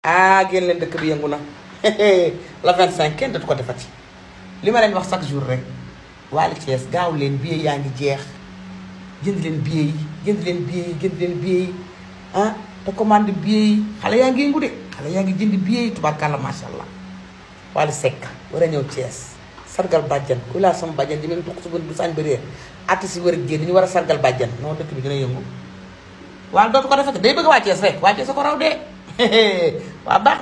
ah génn leen dëkk bi yëngu na la 25 kenn dootu ko defati li ma leen wax chaque jour rek Wally Thiès gaaw leen billet yaa ngi jeex jënd leen billet yi jënd leen billet yi leen billet yi ah, te commande billet yi xale yaa ngi yëngu de xale yaa ngi jënd billet yi tubaarkàlla macha allah Wally Seck war a ñëw Thiès sargal bàjjan ku laa sama bàjjan di mel duk suba du sañ bëri artiste yi war a génn ñu war a sargal bàjjan non dëkk bi dina yëngu waaye day bëgg waa Thiès rek waa Thiès ko raw waaw baax